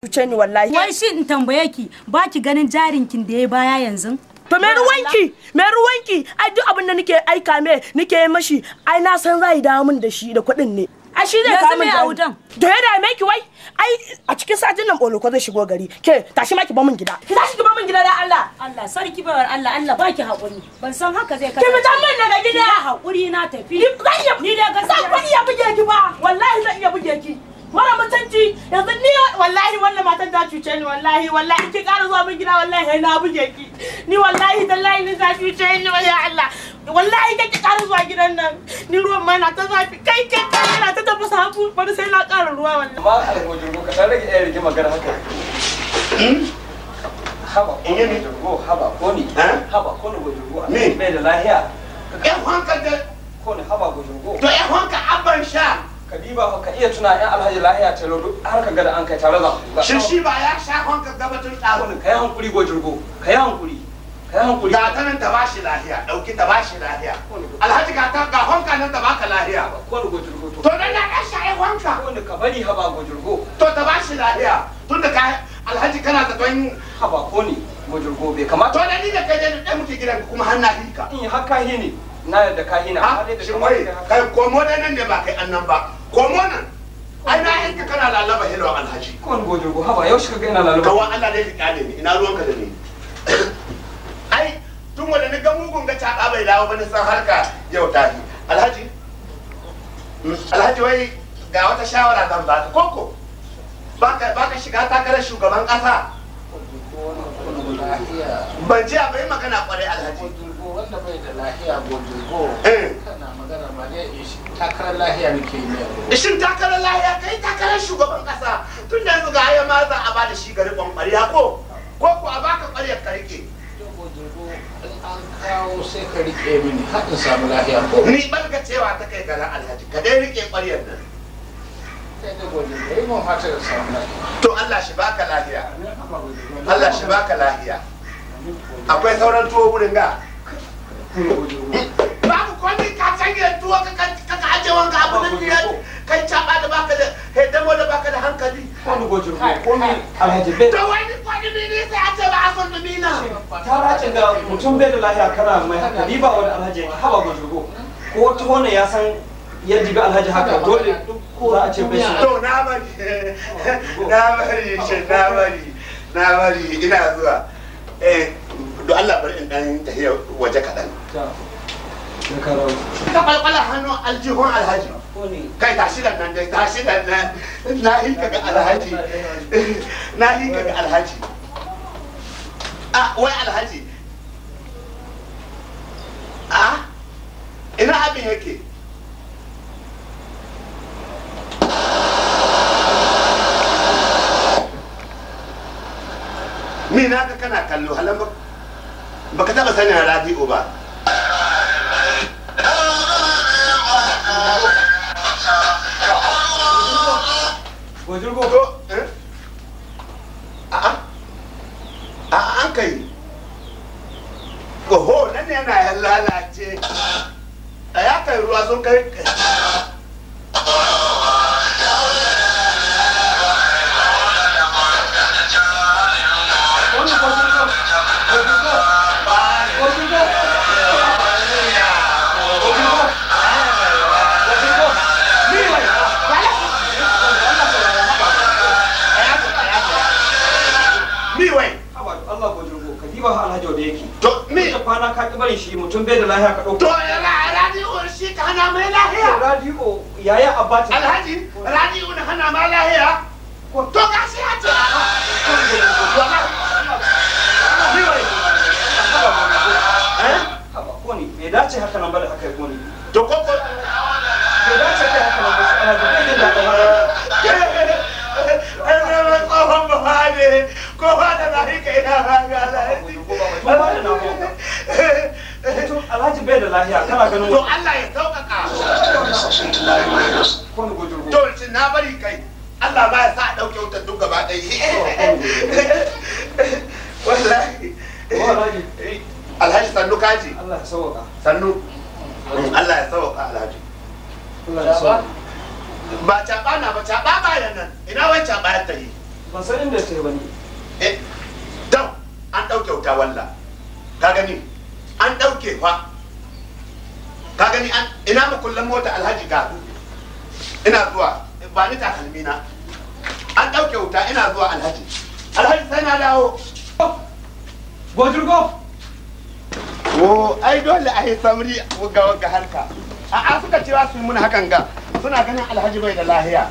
cuce ni wallahi wai shi in tambaye ki ba ki ganin jarinkin da ya baya yanzu to me ruwanki me ruwanki ai duk abin da nake aika me nake mashi ai na san zai dawo min da shi da kuɗin ne a shi zai kawo da autan to ya dame ki wai ai a cikin satin nan boloko zai shigo gari ke tashi ma ki ba min gida ki tashi ki ba min gida da Allah Allah sarki bawar Allah Allah ba ki hakuri ban san haka zai kasance ki fita min daga gida hakuri na tafi ni da ga zan iya buge ki ba wallahi zan iya buge ki mara mutunci yanzu ni wallahi wannan matan ta cuce ni wallahi wallahi ki ƙara zuwa min gida wallahi sai na buge ki ni wallahi tallahi ni ta cuce ni ya Allah wallahi kai ki ƙara zuwa gidan nan ni ruwan ma na ta zafi kai kai kai na ta tafi sabu bari sai na ƙara ruwa wallahi ma alhojin ka dan rage ɗaya rigima magana haka hmm? haba ko ne jirgo haba ko ne haba ko ne jirgo me bai da lahiya ka kan hankali ko ne haba ko jirgo to ai hanka abban sha kadiba ka iya tuna yan alhaji lahiya ce lodo har ka gada an kai tare da shi shi ba ya sha kon ka gabatun ka yi hankuri jirgo ka yi hankuri ka yi hankuri ga ta nan ta ba shi lahiya ɗauki ta ba shi lahiya alhaji ga ta ga honka nan ta ka lahiya ko ni gojirgo to to dan na ka sha honka ko ni ka bari haba jirgo to ta ba shi lahiya tun da ka alhaji kana da don haba ko ni jirgo bai kamata to da ni da kai da dan muke gidan kuma har na hika in haka hini na da kahina har da kai komo da nan ne ba kai annan ba ko monan ai na yanka kana lalaba helwa alhaji an gojo go haba yau shi kaga ina lalaba kawa Allah ne ka kade ni ina ruwanka da ni ai tun wanda ni ga mugun ga ta bai dawo bane san harka yau ta yi alhaji hmm, alhaji wai ga wata shawara kan ba baka koko baka baka shiga takarar shugaban kasa ban ji abai magana kwarai alhaji wanda bai da lahiya gobe eh. kana magana ma ne takarar lahiya ke yi shin takarar lahiya kai takarar shugaban kasa tun yanzu ga haya ma za a bada shi ga rikon ƙwarya ko ko ku a baka ƙwaryar ka rike an kawo sai ka rike mini haɗin samu lahiya ko ni barka cewa ta kai garin alhaji ka dai rike ƙwaryar nan to Allah shi baka lahiya Allah shi baka lahiya akwai sauran tuwo wurin ga babu komai ka sanya tuwo ka ka aje wanga abu da kiyar kai da baka da hedamo da baka da hankali wani gojo alhaji bai to wani kwani ne ne sai a ce ba ta race ga mutum bai da lahiya kana mai haka ba wani alhaji ka haba gojo ko tuwo ne ya san yadda bi alhaji haka dole za a ce bai shi to na bari na bari shi na bari na bari ina zuwa eh don Allah bar in dan tahiya waje kaɗan. Ka kwalkwala hannun aljihun alhaji. Kai tashi da nan dai tashi da nan na yi kaga alhaji. Na yi kaga alhaji. a wai alhaji. Ah ina abin yake. Mina ka kana kallo halan baka taba sanin radio ba Bujurgo eh? ko? nan yana lalace. A ya kai ruwa sun kai. hajo da yake to me ka kwana ka ki barin shi mutum bai da lahiya ka dauko to radio shi ka hana mai lahiya radio yaya abata alhaji radio na hana lahiya ko to ka shi ah, hato eh ko ne me dace haka nan ba haka ko to ko ko me dace haka nan lahiya kana ganin to Allah ya sauƙaƙa to shi na bari kai Allah ba ya sa a ɗauke wutar duk gaba ɗaya wallahi alhaji sannu kaji Allah ya sauƙa sannu Allah ya sauƙa alhaji ba caɓa na ba caɓa ba ya nan ina wai caɓa ya ta yi ban san inda ta yi ba ne eh, dan an ɗauke wuta walla ka gani an ɗauke fa ka gani an ina mu kullum mota alhaji ga ina zuwa ba ni ta na an ɗauke wuta ina zuwa alhaji alhaji sai na dawo gojirgo o ai dole a yi samri ga wagga harka a'a suka cewa su mun hakan ga suna ganin alhaji bai da lahiya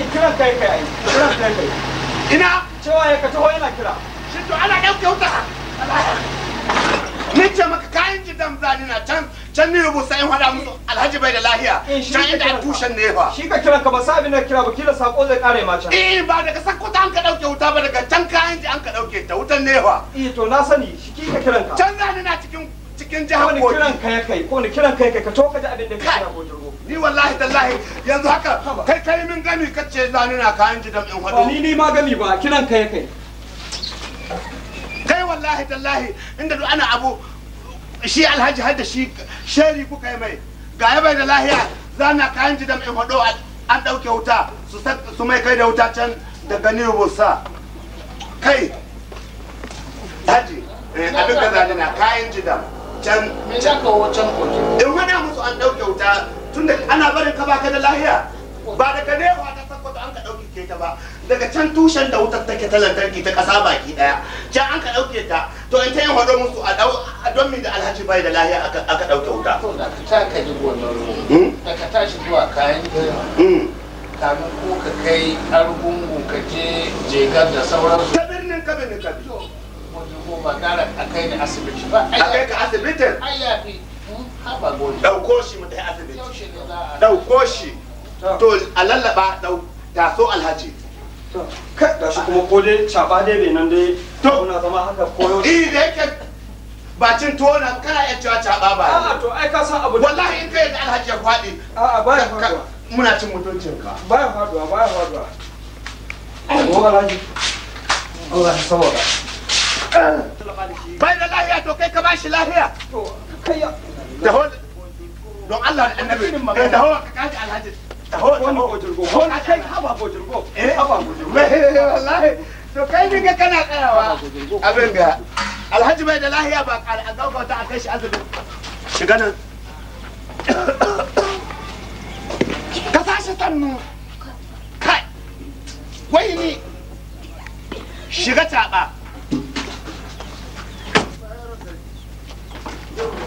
wallahi kiran kai kai ai kiran kai kai ina cewa ya ka taho yana kira shi to ana ɗauke wuta ni ce maka kayan gidan zani na can can ni rubuta in faɗa musu alhaji bai da lahiya eh, can inda tushen ne fa shi ka kira ka ba sa abin kira ba kila sako zai kare ma can eh ba daga sako ta an ka ɗauke wuta ba daga can kayan ji an ka ɗauke ta wutan ne fa eh to na sani shi ki ka kiran ka can zani cikin jihar Kogi. kiran kai kai, ko wani kiran kai kai ka to ka ji abin da ka kira Bojirgo. Ni wallahi tallahi yanzu haka kai kai min gami kace na kayan jidan in hada. Ni ni ma gami ba, kiran kai kai. Kai wallahi tallahi inda duk ana abu shi Alhaji hadda shi sheri kuka yi mai. Ga ya bai da lahiya zana kayan jidan in hado an dauke wuta su mai kai da wuta can daga ne bosa. Kai Haji, eh, abin gaza na kayan jidan. can can kawo can koke in wani musu an ɗauke wuta tunda ana barin ka baka da lahiya ba daga ne nefa ta sakkwato an ka ɗauke ke ta ba daga can tushen da wutar take ta lantarki ta kasa baki ɗaya can an ka ɗauke ta to in ta yin hado musu a ɗau a don min da alhaji bai da lahiya aka ɗauke wuta. to da ka ta ka ji gonar ruwa hmm? da ka tashi zuwa kayan gina hmm. kamin ko ka kai argungu ka je jegar da sauransu. ta birnin kabin kabin. ba gara a kai ni asibiti ba a kai ka asibitin ai ya fi hmm, haba gode dauko shi mu tafi asibiti dauko shi to a lallaba dau taso alhaji da shi kuma ko dai caba dai bai nan dai to na zama haka koyo da yake ba tuwo na kana iya cewa caba ba a'a to ai ka san abu wallahi in da alhaji ya faɗi a'a ba ya faɗuwa muna cin mutuncinka ba ya faɗuwa ba ya faɗuwa Allah ya saboda bai da lahiya to kai ka bashi lahiya don Allah da annabi eh, ka kaji alhaji wani bojirgo kai haba bojirgo eh. haba bojirgo wallahi to kai ga kana abin ga alhaji bai da lahiya ba kare a gaugauta a kai shi shiga nan ka tannu kai wai ni shiga taɓa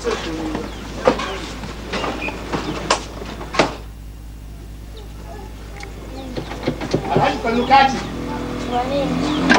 Alhaji Kwallo Kati. Wane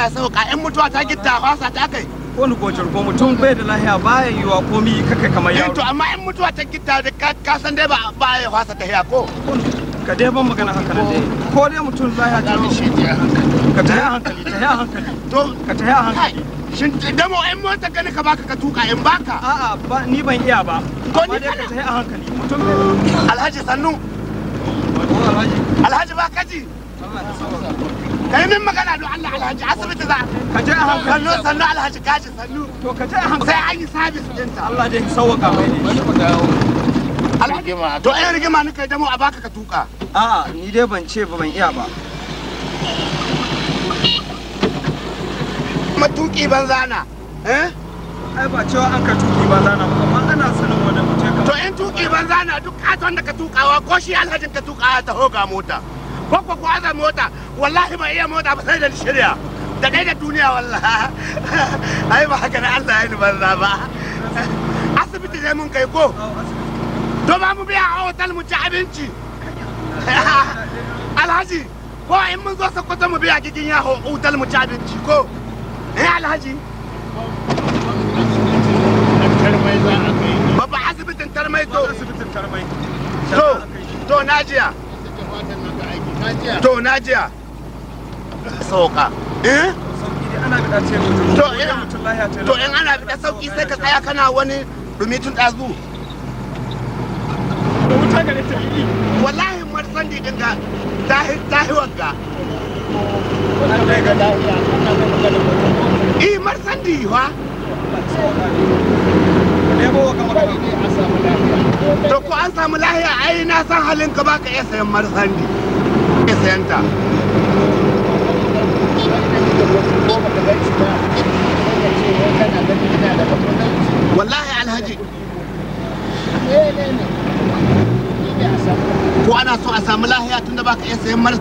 Allah ya sauka yan mutuwa ta gitta sa ta kai ko ni kocin ko mutum bai da lahiya yi yiwa komi kaka kamar eh yaro to amma yan mutuwa ta gitta da ka san dai ba ba ya fasa ta hiya ko ka dai ban magana haka nan dai ko dai mutum lahiya ta shi ka ta hankali ta hankali to ka ta hankali shin damo yan mota ta gani ka baka ka tuka yan baka a'a ba ni ban iya ba ko ni ka ta hankali mutum alhaji sannu alhaji alhaji ba kaji Allah ya sauka kai min magana don Allah alhaji asibiti za ka je a hankali sannu sannu alhaji kaji sannu to ka je a hankali sai an yi sabis ɗinta Allah dai yi sauwaka mai ne ku dawo rigima to ai eh, rigima ni kai damo a baka ka tuka a ni dai ban ce ba ban iya ba matuki ban zana eh ai ba cewa an ka tuki ban zana ba amma ana sanin wani mutum to in tuki ban zana duk katon da ka tukawa ko shi alhajin ka tukawa ta hoga mota ko ko ko azan mota wallahi ma iya mota ba sai da shirya da kai da duniya wallahi ai ba haka na Allah ya nubanza ba asibiti ne mun kai ko to ba mu biya a hotel mu ci abinci alhaji ko in mun zo sokoto mu biya gigin ya hotel mu ci abinci ko eh alhaji babba asibitin tarmai to asibitin tarmai to to najiya to najiya sauka eh to in ana fita sauki sai ka tsaya kana wani rumitun ɗazu wallahi marsan didin ga zahiwar ga eh marsan diwa to ko an samu lahiya ai na san halin ka baka iya sayan marsandi ke sayanta wallahi alhaji ko ana so a samu lahiya tun da baka iya sayan mara